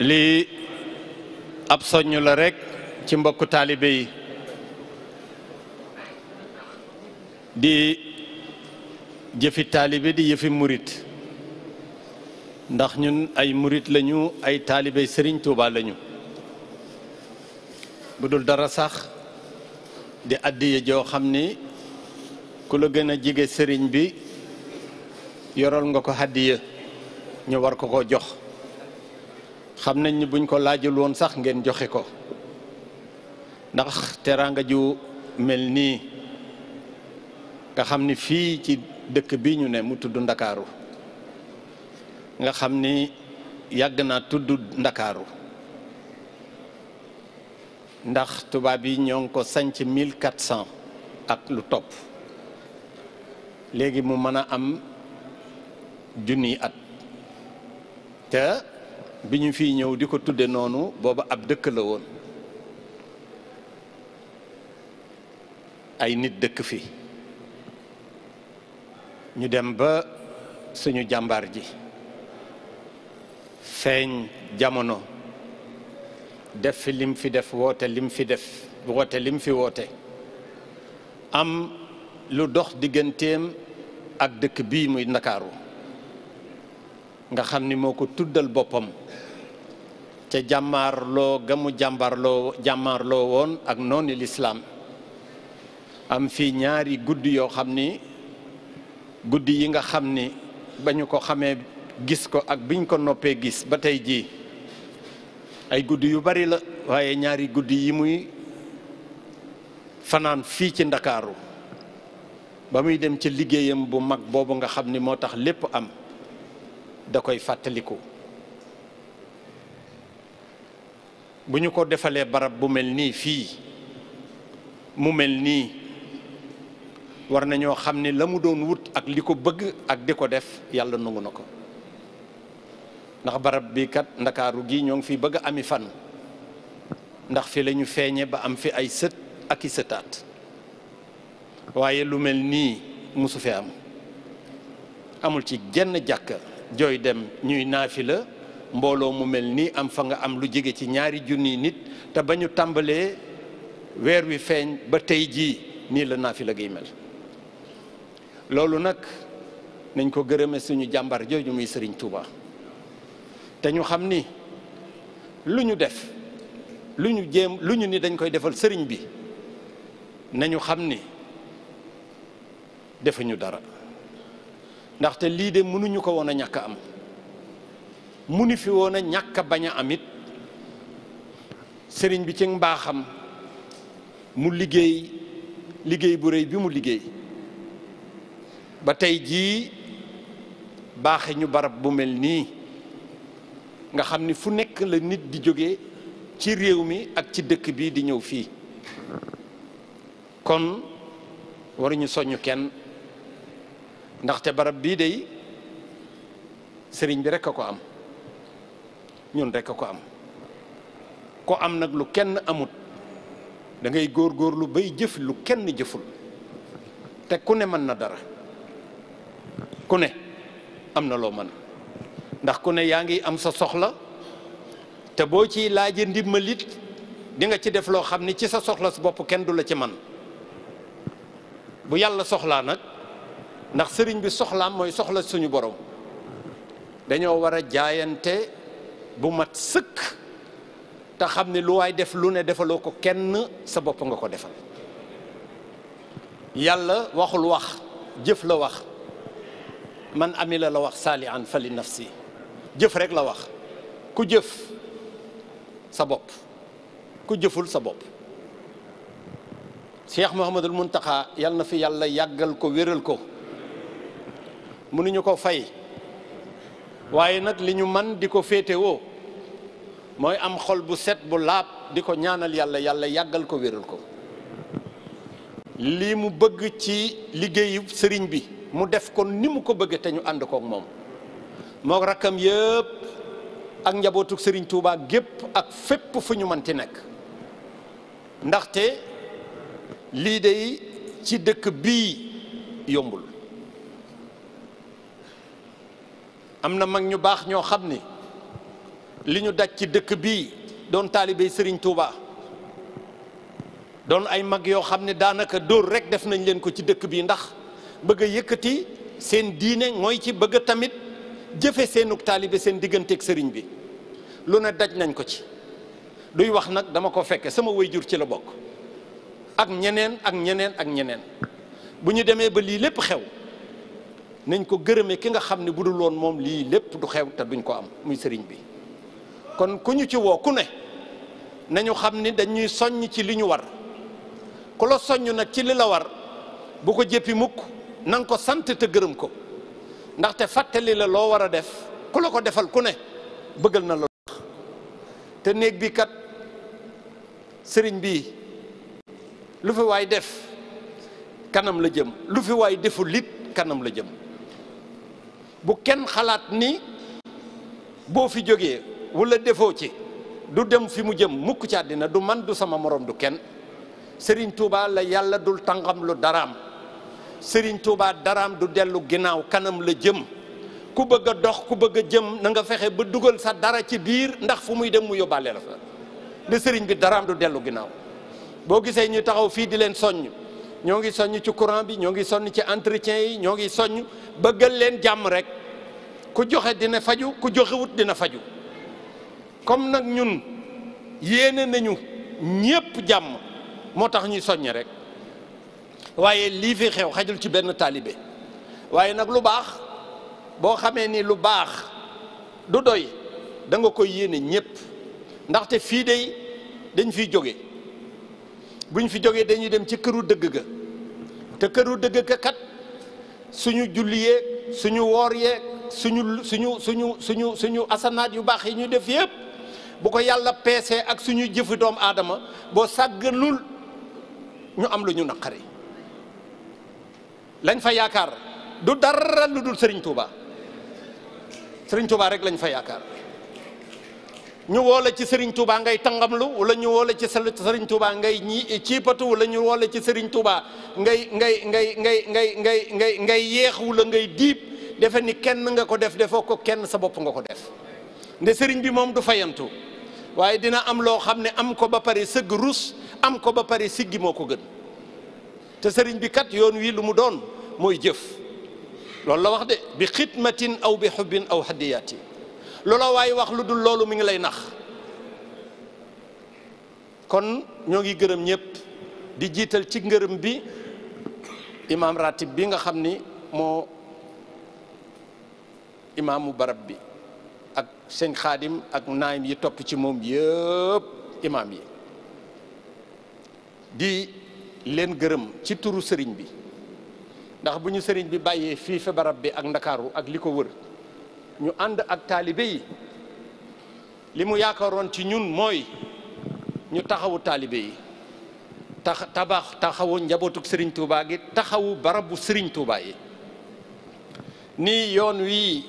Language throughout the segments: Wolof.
lii ab soññ la rekk ci mbokku taalibe yi di jëfi taalibe di yëfi murit ndax ñun ay murit lañu ay taalibe Sëriñ Tuuba lañu bu dul dara sax di àddiye joo xam ni ku la gën a jige sëriñ bi yoral nga ko addiye ñu war ko ko jox xamnañ ni buñ ko lajul won sax ngeen joxe ko ndax teranga ju melni nii nga xam ni ci dekk bi ñu ne mu tuddu ndakaaru nga xamni ni yàgg naa ndax tuba bi ñong ko sanc 1400 ak lu top legi mu mën am junni at te bi ñu fi ñëw di ko tudde noonu booba ab dëkk la woon ay nit dëkk fi ñu dem ba suñu jàmbaar ji feeñ jamono def fi lim fi def woote lim fi def woote lim fi woote am lu dox digganteem ak dëkk bii muy Ndakaaru nga xam ni bopom, ko jamar lo gamu jambar lo, jamar ak on lislaam am fii ñaari guddi yoo xam ni yi nga xam ni ko khame gis ko ak biñ ko noppee gis ba ay guddi yu bari la waaye ñaari guddi yi muy fanaan fii ci ndakaaru ba dem ci liggéeyam bu mag nga xam ni moo am da koy fàttaliku bu ñu ko defalee barab bu mel nii fii mu mel nii war na ñoo xam ne la mu doon wut ak li ko bëgg ak di ko def yàlla nangu na ko ndax barab bi kat ndakaaru gi ñoo ngi fi bëgg ami fan ndax fi lañu feeñe ba am fi ay sët ak sëtaat waaye lu mel nii musu fi am amul ci genn jàkka jooy dem ñuy naafi la mbooloo mu mel nii am fa nga am lu jege ci ñaari junni nit te ba ñu tàmbalee weer wi feeñ ba tey jii nii la naafila gi mel loolu nag nañ ko gërëme suñu jàmbar jooju muy Sëriñ Tuuba te ñu xam ni lu ñu def lu ñu jéem lu ñu ni dañ koy defal sëriñ bi nañu xam ni defuñu dara ndaxte lii de mënuñu ko woon ñàkk am munu fi woon a ñàkk bañ a amit sëriñ bi ci mbaaxam mu liggéey liggéey bu rëy bi mu liggéey ba tey jii baaxe ñu barab bu mel nii nga xam ni fu nekk la nit di jóge ci réew mi ak ci dëkk bi di ñëw fii kon waruñu soññ kenn ndaxte barab bii day sëriñ bi rekk a ko am ñun rekk a ko am ko am nag lu kenn amut dangay góor góorgóorlu bay jëf lu kenn jëful te ku ne mën na dara ku ne am na loo man ndax ku ne yaa ngi am sa soxla te boo ciy laaje ndimbalit di nga ci def loo xam ni ci sa soxla su bopp kenn du la ci man bu yàlla soxlaa nag ndax sëriñ bi soxlaam moy soxla suñu borom dañoo wara jaayante bu mat seuk ta xam lu way def lu ne defaloo ko kenn sa bop nga ko defal yàlla waxul wax jëf la wax man amila la wax saalihan fali nafsi jëf rek la wax ku jëf sa bop ku jëful sa bop cheikh mohammed al muntaha yàlla fi yàlla yagal ko wéral ko mënuñu ko fay waaye nag li ñu man di ko féetewoo mooy am xol bu set bu laab di ko ñaanal yàlla yàlla yàggal ko wéral ko lii mu bëgg ci liggéeyu sëriñ bi mu def ko ni mu ko bëggee te ñu ànd kook moom moo rakkam yëpp ak njabootu sëriñ tuubaa gépp ak fépp fu ñu manti nekk ndaxte lii de ci dëkk bii yombul am na mag ñu baax ñoo xam ni li ñu daj ci dëkk bii doon taalibe sëriñ Touba doon ay mag yoo xam ne daanaka dóor rek def nañ leen ko ci dëkk bii ndax bëgg a yëkkati seen diine mooy ci bëgg tamit jëfe seenug taalibe seen digganteek sëriñ bi lu ne daj nañ ko ci duy wax nag dama ko fekke sama waajur ci la bokk ak ñeneen ak ñeneen ak ñeneen bu ñu demee ba lii lépp xew nañ ko gërëmee ki nga xam ne bu dul woon moom lii lépp du xew te duñ ko am muy sëriñ bi kon ku ñu ci woo ku ne nañu xam ni dañuy soññ ci li ñu war ku la soññ nag ci li la war bu ko jéppi mukk na ko sant te gërëm ko ndaxte fàttali la loo war a def ku la ko defal ku ne bëggal na la te néeg bi kat sëriñ bi lu fi waay def kanam la jëm lu fi waay deful it kanam la jëm bu kenn xalaat ni boo fi jógee wala defoo ci du dem fi mu jëm mukk ci àddina du man du sama morom du kenn sëriñ tuubaa la yàlla dul tàngam lu daraam sëriñ Touba daraam du dellu ginnaaw kanam la jëm ku bëgg dox ku bëgg jëm na nga fexe ba dugal sa dara ci biir ndax fu muy dem mu yóbbaale la fa de sëriñ bi daraam du dellu ginnaaw boo gisee ñu taxaw fii di leen soññ ñoo ngi soññ ci courant bi ñoo ngi sonn ci entretien yi ñoo ngi soññ bëggal leen jàmm rek ku joxe dina faju ku joxewut dina faju comme nag ñun yéene nañu ñépp jàmm moo tax ñuy soññ rek waaye lii fi xew xajul ci benn taalibe waaye nag lu baax boo xamee ni lu baax du doy da nga koy yéene ñépp ndaxte fii dey dañ fiy jóge bu ñu fi jógee dañuy dem ci këru dëgg ga te këru dëgg ga kat suñu julli yeeg suñu woor yeeg suñu suñu suñu suñu suñu asanaat yu baax yi ñu def yëpp bu ko yàlla peesee ak suñu jëfi doomu aadama boo sàgganul ñu am lu ñu naqari lañ fa yaakaar du dara lu dul Sëriñ Tuuba Sëriñ Tuuba rek lañ fa yaakaar ñu woola ci Serigne Touba ngay tangamlu wala ñu woola ci Serigne Touba ngay ñi ciipatu wala ñu woola ci Serigne Touba ngay ngay ngay ngay ngay ngay ngay ngay yeex wala ngay diib defe ni kenn nga ko def defoo ko kenn sa bopp nga ko def nde sëriñ bi moom du fayantu waaye dina am loo xam ne am ko ba pare sëgg rus am ko ba pare siggi moo ko gën te sëriñ bi kat yoon wii lu mu doon mooy jëf loolu la wax de bi xidmatin aw bi xubbin aw hadiyaati loola waay wax lu dul loolu mu ngi lay nax kon ñoo ngi gërëm ñëpp di jiital ci ngërëm bi imaam ratib bi nga xam ni moo imamu barab bi ak seen xaadim ak naayim yi topp ci moom yëpp imam yi di leen gërëm ci turu sëriñ bi ndax bu ñu sëriñ bi bàyyee fii fa barab bi ak ndakaaru ak li ko wër ñu ànd ak taalibe yi li mu yaakaaroon ci ñun mooy ñu taxawu taalibe yi tax tabax taxawu njabootuk sëriñ Touba gi taxawu barabu sëriñ Touba yi nii yoon wii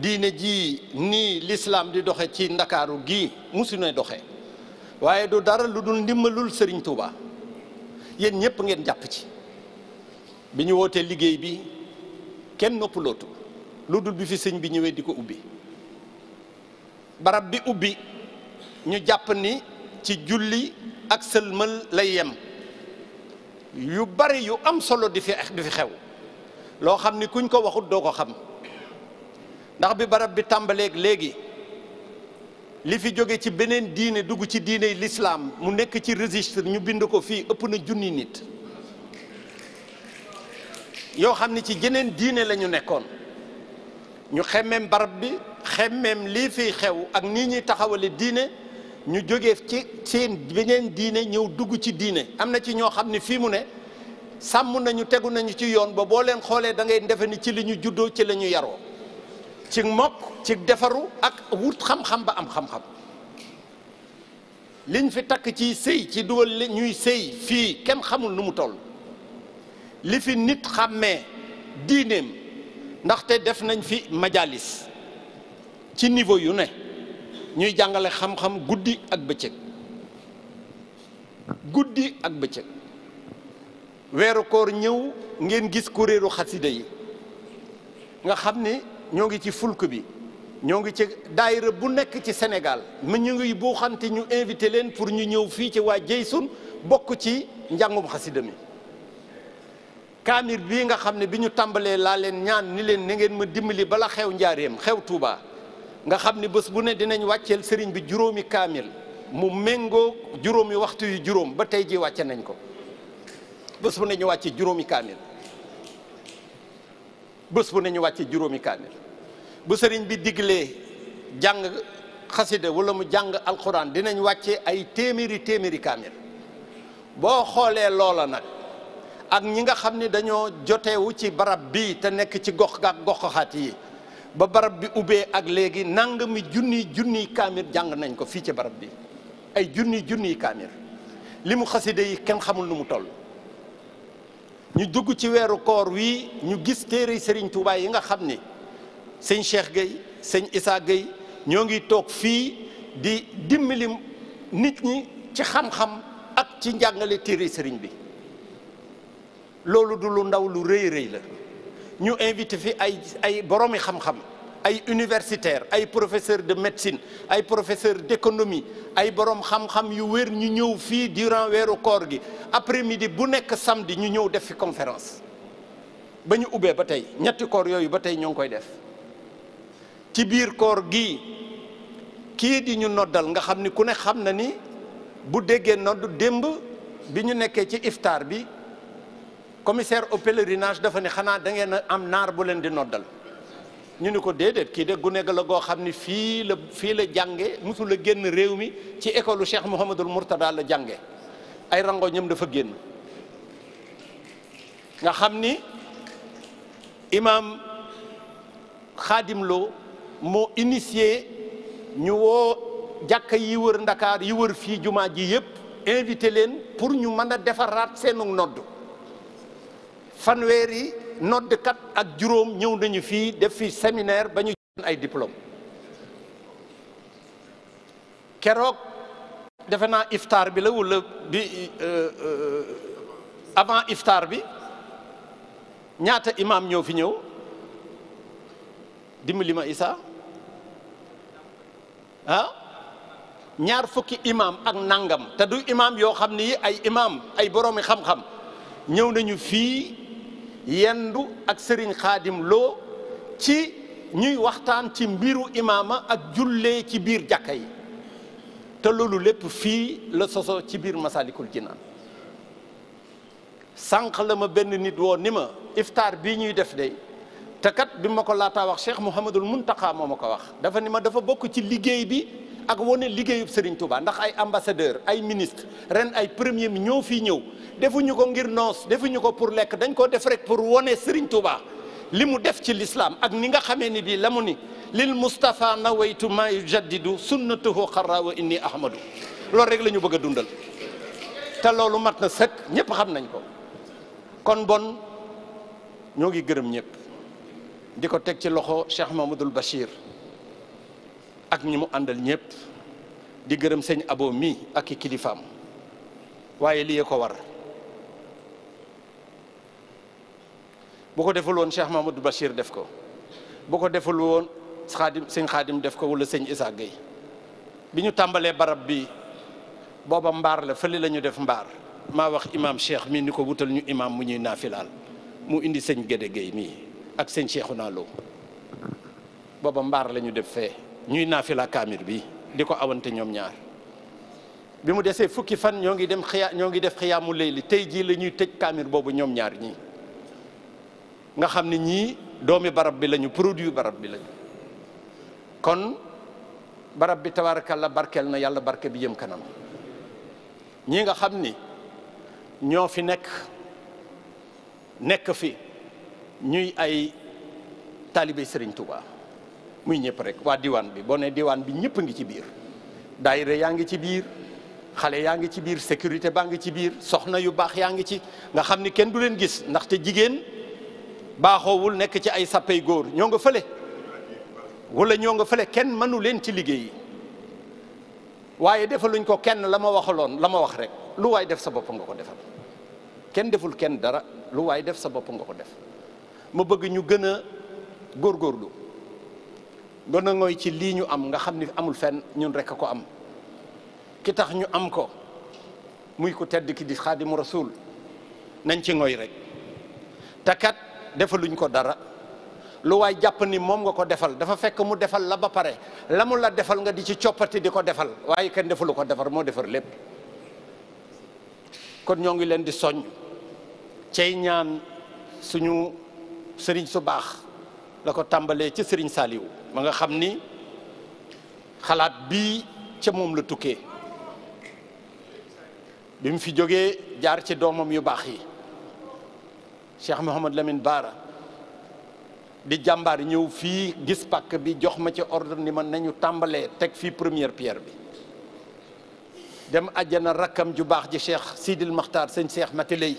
diine ji nii lislaam di doxe ci ndakaaru gi musu doxe waaye du dara lu dul ndimbalul sëriñ Touba yéen ñëpp ngeen jàpp ci bi ñu wootee liggéey bi kenn noppalootu lu dul bi fi sëñ bi ñëwee di ko ubbi barab bi ubbi ñu jàpp ni ci julli ak sëlmal lay yem yu bari yu am solo di fi di fi xew loo xam ni kuñ ko waxut doo ko xam ndax bi barab bi tàmbaleek léegi li fi jóge ci beneen diine dugg ci diiney lislaam mu nekk ci registre ñu bind ko fii ëpp na junni nit yoo xam ni ci jeneen diine lañu nekkoon ñu xemmeem barab bi xemmeem lii fiy xew ak nii ñuy taxawale diine ñu jóge ci seen beneen diine ñëw dugg ci diine am na ci ñoo xam ne fii mu ne sàmm nañu tegu nañu ci yoon ba boo leen xoolee da ngay defe ni ci li ñu juddoo ci la ñu yaroo ci mokk ci defaru ak wut xam-xam ba am xam-xam liñ fi takk ci sëy ci dugal ñuy sëy fii kenn xamul nu mu toll li fi nit xàmmee diineem ndaxte def nañ fi majalis ci niveau yu ne ñuy jàngale xam-xam guddi ak bëccëg guddi ak bëccëg weeru koor ñëw ngeen gis kuréelu xasida yi nga xam ni ñoo ngi ci fulk bi ñoo ngi ci daayira bu nekk ci senegal mu ñu ngi buuxante ñu invité leen pour ñu ñëw fii ci waa Jeysun bokk ci njàngum xasida mi kaamir bii nga xam ne bi ñu tàmbalee laa leen ñaan ni leen na ngeen ma dimbali bala xew njaareem xew Touba nga xam ne bës bu ne dinañ wàccee sëriñ bi juróomi kaamil mu méngoo juróomi waxtu juróom ba tey ji wàcce nañ ko bés bu ne wàcce juróomi kaamil bu ne wàcce juróomi kaamil bu sëriñ bi diglee jàng xasida wala mu jàng alxuraan dinañ wàcce ay téeméeri téeméeri kaamil boo xoolee loola nag ak ñi nga xam ni dañoo jotewu ci barab bi te nekk ci gox ak goxaat yi ba barab bi ubbee ak léegi nangami junni junni kaamir jàng nañ ko fii ci barab bi ay junni junni kaamir li mu xaside yi kenn xamul lu mu toll ñu dugg ci weeru koor wi ñu gis téere Serigne Touba yi nga xam ni sëñ Cheikh Gueye sëñ isaa Gueye ñoo ngi toog fii di dimbali nit ñi ci xam-xam ak ci njàngale téere sëriñ bi loolu du lu ndaw lu reey reey la ñu invité fi ay ay xam-xam professeur de médecine ay professeur d'économie ay borom xam-xam yu wër ñu ñëw durant le koor après midi bu samedi ñu ñëw def fi conférence Nous ubé ñetti koor yoyu ba koy def ci biir koor di ñu noddal nga ne xam na commissaire au pèlerinage dafa ne xanaa dangeen ngeen am naar bu leen di noddal ñu ni ko déedéet kii de gune ga la goo xam ni fii la fii la jànge musul a génn réew mi ci école Cheikh Mouhamadul Mourtada la jànge ay rango ñam dafa génn nga xam ni imam Xaadim Lo moo initié ñu woo jàkka yi wër Ndakaar yi wër fii jumaa ji yëpp invité leen pour ñu mën a defar defaraat seenu nodd fanweeri noddkat ak juróom ñëw nañu fii def fi séminaire ba ñu ay diplôme keroog defe naa iftaar bi la wala bi euh, euh, avant iftaar bi ñaata imam ñoo fi ñëw dimbali ma Isa ah ñaar fukki imaam ak nangam te du imaam yoo xam ni ay imam ay boroomi xam-xam ñëw nañu fii. yendu ak sëriñ xaadim loo ci ñuy waxtaan ci mbiru imaama ak jullee ci biir jàkka yi te loolu lépp fii la soso ci biir masalikul jinaan sànq la ma benn nit woo ni ma iftaar bii ñuy def de te kat bi ma ko laataa wax Cheikh Mouhamadul Muntaqa moo ma ko wax dafa ni ma dafa bokk ci liggéey bi ak wane liggéeyub Serigne Touba ndax ay ambassadeur ay ministre ren ay premier mi ñëw fii ñëw defuñu ko ngir noos defuñu ko pour lekk dañ ko def rek pour wane Serigne Touba li mu def ci lislaam ak ni nga xamee ni bii la mu ni lil Mustafa nawaytu ma yujaddidu sunnatuhu xarra wa inni ahmadu loolu rek la ñu bëgg dundal te loolu mat na sëkk ñëpp xam nañ ko kon bon ñoo ngi gërëm ñëpp di ko teg ci loxo Cheikh Mahmoudul Bachir ak ñi mu àndal ñëpp di gërëm sëñ abo mii ak i kilifaam waaye lii ko war bu ko deful woon Cheikh Mamadou def ko bu ko deful xaadim sëñ def ko wala sëñ Issa Gueye bi ñu tàmbalee barab bi booba mbaar la fëli la ñu def mbaar maa wax imaam Cheikh mii ni ko wutal ñu imaam mu ñuy naafilaal mu indi sëñ Gédé Gueye mii ak sëñ Cheikhouna Lo booba mbaar lañu def fee ñuy naafila kaamir bi di ko awante ñoom ñaar bi mu desee fukki fan ñoo ngi dem xiyaa ñoo ngi def xiyaamu li tey jii la ñuy tëj kaamir boobu ñoom ñaar ñi nga xam ne ñii doomi barab bi lañu produit barab bi lañu kon barab bi la barkeel na yàlla barke bi jëm kanam ñii nga xam ni ñoo fi nekk nekk fi ñuy ay taalibe Sëriñ tubaa muy ñëpp rek waa diwaan bi boo ne diwaan bi ñëpp ngi ci biir daayira yaa ngi ci biir xale yaa ngi ci biir sécurité baa ngi ci biir soxna yu baax yaa ngi ci nga xam ni kenn du leen gis ndaxte jigéen baaxoowul nekk ci ay sappay góor ñoo nga fële wala ñoo nga fële kenn mënu leen ci liggéey yi waaye defaluñ ko kenn la ma waxaloon la ma wax rek lu waay def sa bopp nga ko defal kenn deful kenn dara lu waay def sa bopp nga ko def ma bëgg ñu gën a góorgóorlu gën a ngooy ci lii ñu am nga xam ni amul fenn ñun rekk a ko am ki tax ñu am ko muy ko tedd ki di xaadimu rasul nañ ci ngoy rek te kat defaluñ ko dara lu waay jàpp ni moom nga ko defal dafa fekk mu defal la ba pare la mu la defal nga di ci coppati di ko defal waaye kenn defalu ko defar moo defar lépp kon ñoo ngi leen di soñ cey ñaan suñu sëriñ su baax la ko tàmbalee ci sëriñ saaliw ma nga xam ni xalaat bii ca moom la tukkee bi mu fi jógee jaar ci doomam yu baax yi Cheikh Mouhamad Lamine Baara di jàmbaar ñëw fii gis pàkk bi jox ma ci ordre ni ma nañu tàmbalee teg fii première pierre bi dem àjjana rakkam ju baax ji Cheikh Sidil Makhtar sëñ Cheikh Matiley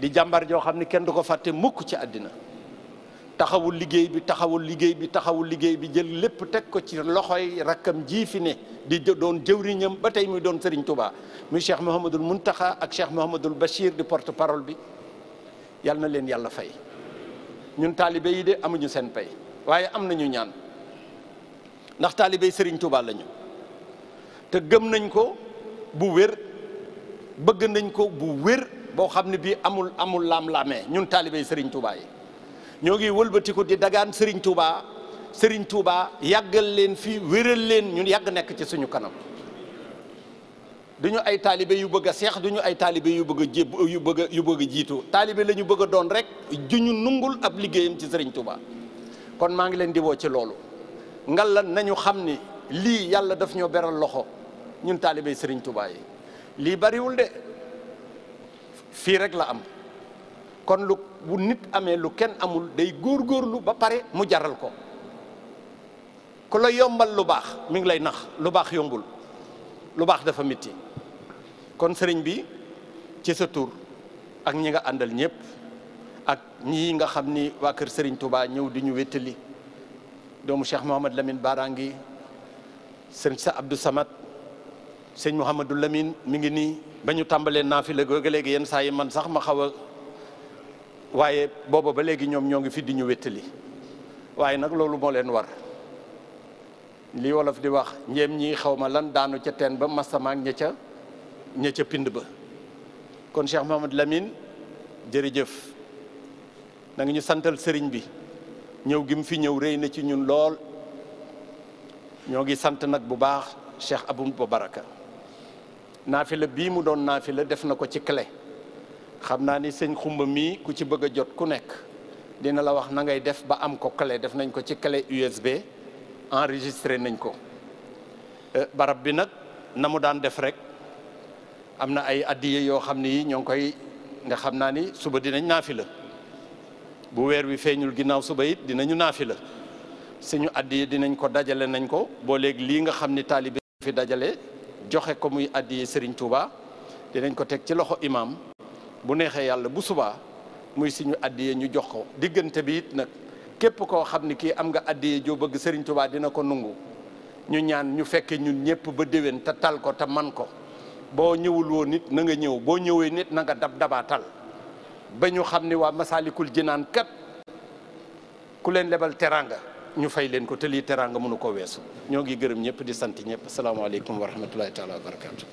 di jàmbaar joo xam ni kenn du ko fàtte mukk ci àddina taxawul liggey bi taxawul liggey bi taxawul liggey bi jël lépp tek ko ci loxoy rakam jii fi ne di doon jeewriñam ba tey muy doon Serigne Touba muy Cheikh Mouhamadul Mountakha ak Cheikh Mouhamadul bashir di porte parole bi yal na yàlla fay ñun taalibe yi de amuñu sen pay waye am nañu ñaan ndax taalibe Serigne Touba lañu te gëm nañ ko bu wér bëgg nañ ko bu wér bo xamni bi amul amul lam lamé ñun taalibe Serigne Touba yi. ñoo ngi ko di dagaan Serigne Touba Serigne Touba yàggal leen fi wéral leen ñun yàgg nekk ci suñu kanam duñu ay taalibe yu bëgg a seex duñu ay taalibe yu bëgg a jéb yu bëgg yu bëgg a jiitu taalibe la ñu bëgg a doon rek juñu nungul ab liggéeyam ci Serigne Touba kon maa ngi leen di woo ci loolu ngal la nañu xam ni lii yàlla daf ñoo beral loxo ñun taalibe Serigne Touba yi lii bariwul de fii rek la am kon lu bu nit amé lu kenn amul day lu ba pare mu jaral ko ko la yombal lu bax mi ngi lay nax lu bax yombul lu bax dafa metti kon serigne bi ci sa tour ak ñi nga andal ñepp ak ñi nga xamni wa waa kër sëriñ Touba ñew di ñu wéttali doomu Cheikh mohammed Lamine Barangi serigne sa Abdou Samad serigne Mouhamadou Lamine mi ngi ni bañu tambalé tàmbalee naa fi la man sax ma xawa waaye booba ba léegi ñoom ñoo ngi fi di ñu wettali waaye nag loolu moo leen war li wolof di wax njéem ñi xaw ma lan daanu ca teen ba masamaak ña ca ña ca pind ba kon Cheikh Mouhamad Lamine jërëjëf na ñu santal sëriñ bi ñëw gi mu fi ñëw rëy na ci ñun lool ñoo ngi sant nag bu baax Cheikh Abou Baraka naafila bii mu doon naafila def na ko ci clé xam naa ni sëñ xumba mii ku ci bëgg a jot ku nekk dina la wax na ngay def ba am ko clé def nañ ko ci clé USB enregistré nañ ko euh, barab bi nag na mu daan def rek am na ay addiye yoo xam ni ñoo ngi koy nga xam naa ni suba dinañ naafi la bu weer wi feeñul ginnaaw suba it dinañu naafi la suñu addiye dinañ ko dajale nañ ko boo léegi lii nga xam ni taalibe fi dajale joxe ko muy addiye Serigne Touba dinañ ko teg ci loxo imam bu neexee yàlla bu subaa muy suñu addiyee ñu jox ko diggante bi it nag képp koo xam ni kii am nga addiyee joo bëgg Serigne Touba dina ko nungu ñu ñaan ñu fekkee ñun ñëpp ba déwén te tal ko te man ko boo ñëwul woon nit na nga ñëw boo ñëwee nit nanga nga dab dabaatal ba ñu xam ni waa Masaalikul Jinaan kat ku leen lebal teranga ñu fay leen ko te lii mënu ko weesu ñoo ngi gërëm ñëpp di sant ñëpp asalaamaaleykum wa rahmatullahi taala wa barakaatu